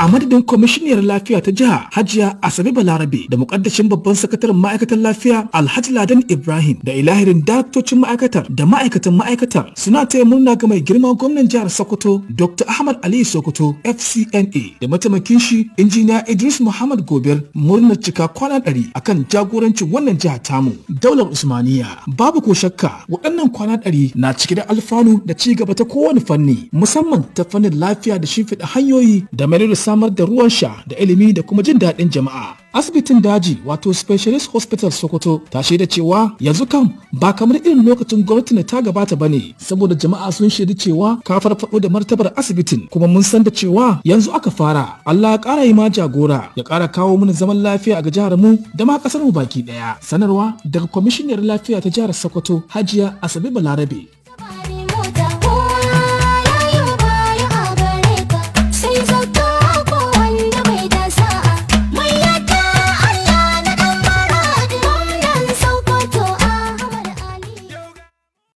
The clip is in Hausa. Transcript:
a madadin kwamishiniyar lafiya ta jiha hajiya asabe balarabe da mukaddashin babban sakataren ma'aikatar lafiya alhaji ladan ibrahim da ilahirin daraktocin ma'aikatar da ma'aikatan ma'aikatar suna taya murna ga mai girma gwamnan jihar sokoto dr ahmad aliyu sokoto fcna da mataimakin shi injiniya idris muhammad gobir murnar cika kwana ɗari akan jagorancin wannan jiha tamu daular usmaniya babu ko shakka waɗannan kwana ɗari na cike da alfanu da ci gaba ta kowane fanni musamman ta fannin lafiya da shimfiɗa hanyoyi da mai samar da ruwan sha da ilimi da kuma jin daɗin jama'a. Asibitin daji wato Specialist Hospital Sokoto ta shaida cewa yanzu kam ba kamar irin lokacin gwamnati na ta gabata ba ne saboda jama'a sun shaida cewa ka farfaɗo da martabar asibitin kuma mun san da cewa yanzu aka fara. Allah ya ƙara yi ma jagora ya ƙara kawo mana zaman lafiya ga jihar mu da ma ƙasar mu baki ɗaya. Sanarwa daga kwamishinar lafiya ta jihar Sokoto Hajiya Asabe Balarabe.